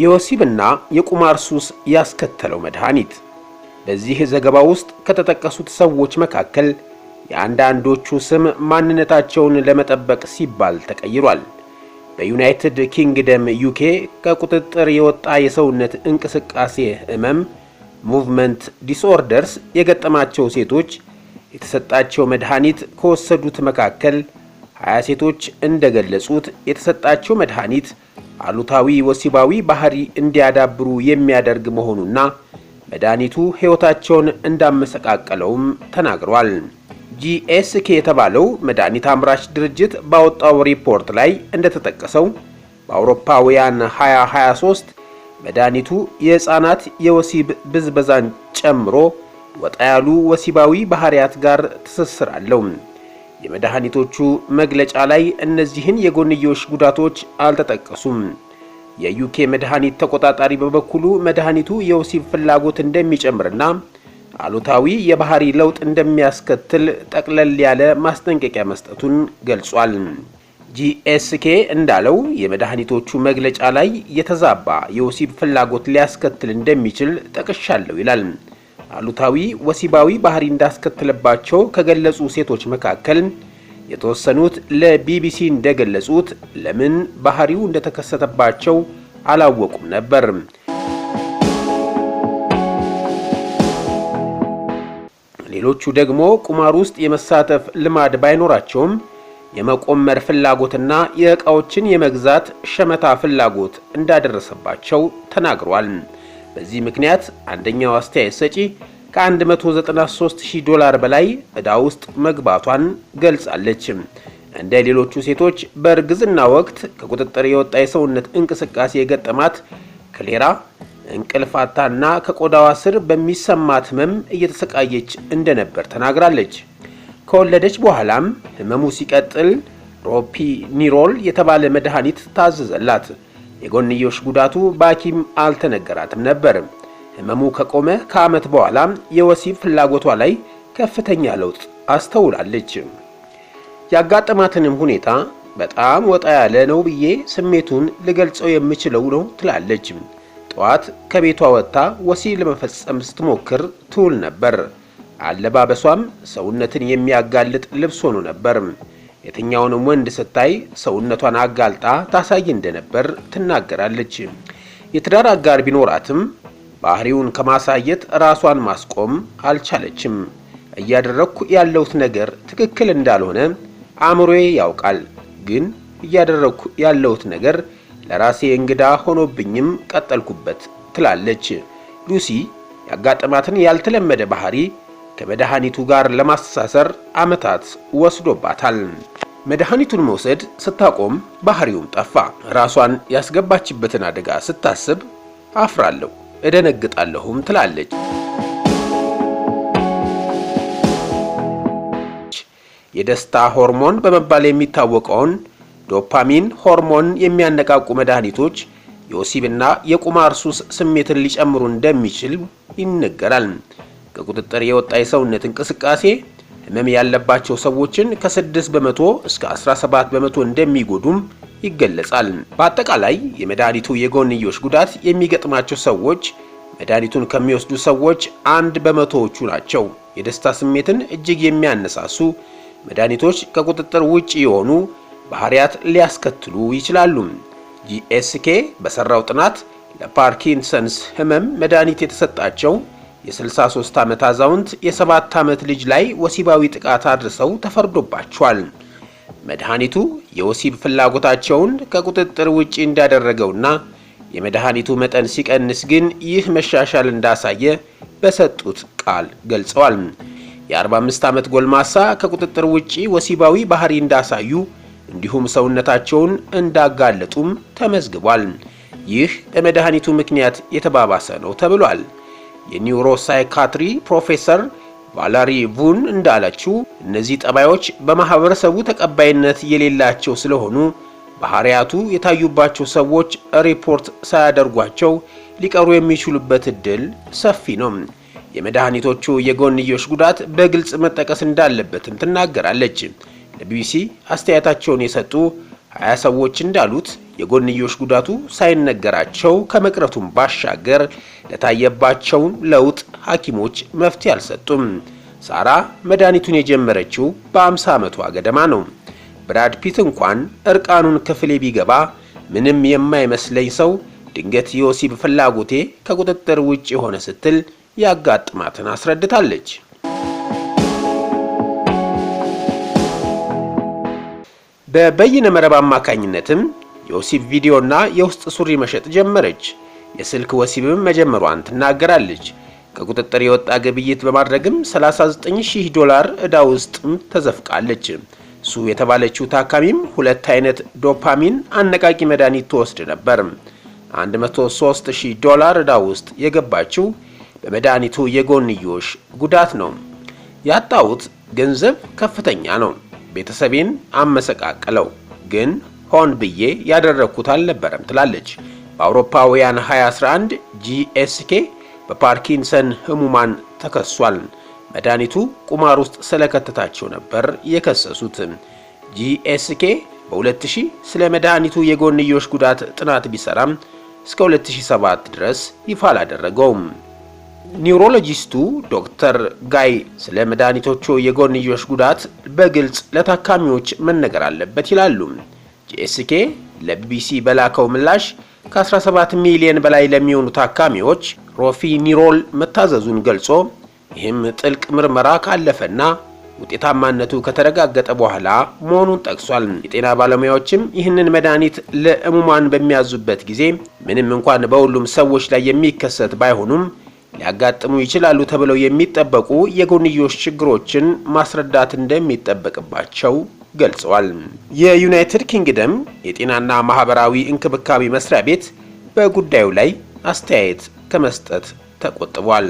የወሲብና የቁማር ሱስ ያስከተለው መድኃኒት። በዚህ ዘገባ ውስጥ ከተጠቀሱት ሰዎች መካከል የአንዳንዶቹ ስም ማንነታቸውን ለመጠበቅ ሲባል ተቀይሯል። በዩናይትድ ኪንግደም ዩኬ ከቁጥጥር የወጣ የሰውነት እንቅስቃሴ ህመም ሙቭመንት ዲስኦርደርስ የገጠማቸው ሴቶች የተሰጣቸው መድኃኒት ከወሰዱት መካከል 20 ሴቶች እንደገለጹት የተሰጣቸው መድኃኒት አሉታዊ ወሲባዊ ባህሪ እንዲያዳብሩ የሚያደርግ መሆኑና መድኃኒቱ ሕይወታቸውን እንዳመሰቃቀለውም ተናግሯል። ጂኤስኬ የተባለው መድኃኒት አምራች ድርጅት ባወጣው ሪፖርት ላይ እንደተጠቀሰው በአውሮፓውያን 2023 መድኃኒቱ የሕፃናት የወሲብ ብዝበዛን ጨምሮ ወጣ ያሉ ወሲባዊ ባህሪያት ጋር ትስስር አለው። የመድኃኒቶቹ መግለጫ ላይ እነዚህን የጎንዮሽ ጉዳቶች አልተጠቀሱም። የዩኬ መድኃኒት ተቆጣጣሪ በበኩሉ መድኃኒቱ የወሲብ ፍላጎት እንደሚጨምርና አሉታዊ የባህሪ ለውጥ እንደሚያስከትል ጠቅለል ያለ ማስጠንቀቂያ መስጠቱን ገልጿል። ጂኤስኬ እንዳለው የመድኃኒቶቹ መግለጫ ላይ የተዛባ የወሲብ ፍላጎት ሊያስከትል እንደሚችል ጠቅሻለሁ ይላል። አሉታዊ ወሲባዊ ባህሪ እንዳስከተለባቸው ከገለጹ ሴቶች መካከል የተወሰኑት ለቢቢሲ እንደገለጹት ለምን ባህሪው እንደተከሰተባቸው አላወቁም ነበር። ሌሎቹ ደግሞ ቁማር ውስጥ የመሳተፍ ልማድ ባይኖራቸውም የመቆመር ፍላጎትና የእቃዎችን የመግዛት ሸመታ ፍላጎት እንዳደረሰባቸው ተናግሯል። በዚህ ምክንያት አንደኛው አስተያየት ሰጪ ከ193000 ዶላር በላይ ዕዳ ውስጥ መግባቷን ገልጻለች። እንደ ሌሎቹ ሴቶች በእርግዝና ወቅት ከቁጥጥር የወጣ የሰውነት እንቅስቃሴ የገጠማት ክሌራ እንቅልፋታና ከቆዳዋ ስር በሚሰማት ህመም እየተሰቃየች እንደነበር ተናግራለች። ከወለደች በኋላም ህመሙ ሲቀጥል ሮፒኒሮል የተባለ መድኃኒት ታዘዘላት። የጎንዮሽ ጉዳቱ በሐኪም አልተነገራትም ነበር። ህመሙ ከቆመ ከዓመት በኋላ የወሲብ ፍላጎቷ ላይ ከፍተኛ ለውጥ አስተውላለች። ያጋጠማትንም ሁኔታ በጣም ወጣ ያለ ነው ብዬ ስሜቱን ልገልጸው የምችለው ነው ትላለች። ጠዋት ከቤቷ ወጥታ ወሲብ ለመፈጸም ስትሞክር ትውል ነበር። አለባበሷም ሰውነትን የሚያጋልጥ ልብስ ሆኖ ነበር። የትኛውንም ወንድ ስታይ ሰውነቷን አጋልጣ ታሳይ እንደነበር ትናገራለች። የትዳር አጋር ቢኖራትም ባህሪውን ከማሳየት ራሷን ማስቆም አልቻለችም። እያደረግኩ ያለውት ነገር ትክክል እንዳልሆነ አእምሮዬ ያውቃል፣ ግን እያደረግኩ ያለውት ነገር ለራሴ እንግዳ ሆኖብኝም ቀጠልኩበት ትላለች ሉሲ። ያጋጠማትን ያልተለመደ ባህሪ ከመድኃኒቱ ጋር ለማስተሳሰር ዓመታት ወስዶባታል። መድኃኒቱን መውሰድ ስታቆም ባህሪውም ጠፋ። ራሷን ያስገባችበትን አደጋ ስታስብ አፍራለሁ፣ እደነግጣለሁም ትላለች። የደስታ ሆርሞን በመባል የሚታወቀውን ዶፓሚን ሆርሞን የሚያነቃቁ መድኃኒቶች የወሲብና የቁማር ሱስ ስሜትን ሊጨምሩ እንደሚችል ይነገራል። ከቁጥጥር የወጣ የሰውነት እንቅስቃሴ ህመም ያለባቸው ሰዎችን ከ6 በመቶ እስከ 17 በመቶ እንደሚጎዱም ይገለጻል። በአጠቃላይ የመድኃኒቱ የጎንዮሽ ጉዳት የሚገጥማቸው ሰዎች መድኃኒቱን ከሚወስዱ ሰዎች አንድ በመቶዎቹ ናቸው። የደስታ ስሜትን እጅግ የሚያነሳሱ መድኃኒቶች ከቁጥጥር ውጭ የሆኑ ባህሪያት ሊያስከትሉ ይችላሉ። ጂኤስኬ በሰራው ጥናት ለፓርኪንሰንስ ህመም መድኃኒት የተሰጣቸው የ63 ዓመት አዛውንት የ7 ዓመት ልጅ ላይ ወሲባዊ ጥቃት አድርሰው ተፈርዶባቸዋል። መድኃኒቱ የወሲብ ፍላጎታቸውን ከቁጥጥር ውጪ እንዳደረገውና የመድኃኒቱ መጠን ሲቀንስ ግን ይህ መሻሻል እንዳሳየ በሰጡት ቃል ገልጸዋል። የ45 ዓመት ጎልማሳ ከቁጥጥር ውጪ ወሲባዊ ባህሪ እንዳሳዩ እንዲሁም ሰውነታቸውን እንዳጋለጡም ተመዝግቧል። ይህ በመድኃኒቱ ምክንያት የተባባሰ ነው ተብሏል። የኒውሮ ሳይካትሪ ፕሮፌሰር ቫለሪ ቡን እንዳለችው እነዚህ ጠባዮች በማህበረሰቡ ተቀባይነት የሌላቸው ስለሆኑ ባህሪያቱ የታዩባቸው ሰዎች ሪፖርት ሳያደርጓቸው ሊቀሩ የሚችሉበት እድል ሰፊ ነው። የመድኃኒቶቹ የጎንዮሽ ጉዳት በግልጽ መጠቀስ እንዳለበትም ትናገራለች። ለቢቢሲ አስተያየታቸውን የሰጡ 20 ሰዎች እንዳሉት የጎንዮሽ ጉዳቱ ሳይነገራቸው ከመቅረቱም ባሻገር ለታየባቸው ለውጥ ሐኪሞች መፍትሄ አልሰጡም። ሳራ መድኃኒቱን የጀመረችው በ50 ዓመቷ ገደማ ነው። ብራድ ፒት እንኳን እርቃኑን ክፍሌ ቢገባ ምንም የማይመስለኝ ሰው ድንገት የወሲብ ፍላጎቴ ከቁጥጥር ውጭ የሆነ ስትል ያጋጥማትን አስረድታለች። በበይነ መረብ አማካኝነትም የወሲብ ቪዲዮና የውስጥ ሱሪ መሸጥ ጀመረች። የስልክ ወሲብም መጀመሯን ትናገራለች። ከቁጥጥር የወጣ ግብይት በማድረግም 39000 ዶላር ዕዳ ውስጥም ተዘፍቃለች። ሱ የተባለችው ታካሚም ሁለት አይነት ዶፓሚን አነቃቂ መድኃኒት ትወስድ ነበር። 103000 ዶላር ዕዳ ውስጥ የገባችው በመድኃኒቱ የጎንዮሽ ጉዳት ነው። ያጣሁት ገንዘብ ከፍተኛ ነው። ቤተሰቤን አመሰቃቀለው ግን ሆን ብዬ ያደረግኩት አልነበረም ትላለች። በአውሮፓውያን 2011 ጂኤስኬ በፓርኪንሰን ህሙማን ተከሷል። መድኃኒቱ ቁማር ውስጥ ስለከተታቸው ነበር የከሰሱት። ጂኤስኬ በ2000 ስለ መድኃኒቱ የጎንዮሽ ጉዳት ጥናት ቢሰራም እስከ 2007 ድረስ ይፋ አላደረገውም። ኒውሮሎጂስቱ ዶክተር ጋይ ስለ መድኃኒቶቹ የጎንዮሽ ጉዳት በግልጽ ለታካሚዎች መነገር አለበት ይላሉ። ጂኤስኬ ለቢቢሲ በላከው ምላሽ ከ17 ሚሊዮን በላይ ለሚሆኑ ታካሚዎች ሮፊኒሮል መታዘዙን ገልጾ ይህም ጥልቅ ምርመራ ካለፈና ውጤታማነቱ ከተረጋገጠ በኋላ መሆኑን ጠቅሷል። የጤና ባለሙያዎችም ይህንን መድኃኒት ለእሙማን በሚያዙበት ጊዜ ምንም እንኳን በሁሉም ሰዎች ላይ የሚከሰት ባይሆኑም ሊያጋጥሙ ይችላሉ ተብለው የሚጠበቁ የጎንዮሽ ችግሮችን ማስረዳት እንደሚጠበቅባቸው ገልጸዋል። የዩናይትድ ኪንግደም የጤናና ማህበራዊ እንክብካቤ መስሪያ ቤት በጉዳዩ ላይ አስተያየት ከመስጠት ተቆጥቧል።